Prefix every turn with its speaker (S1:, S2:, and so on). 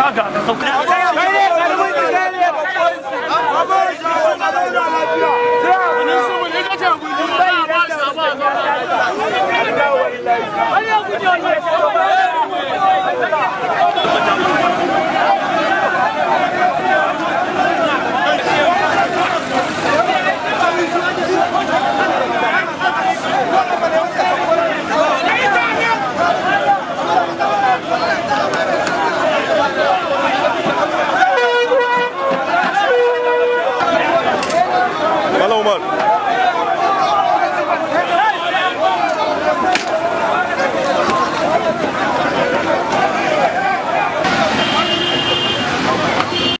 S1: kaga ka sauka Allah
S2: Hello, man.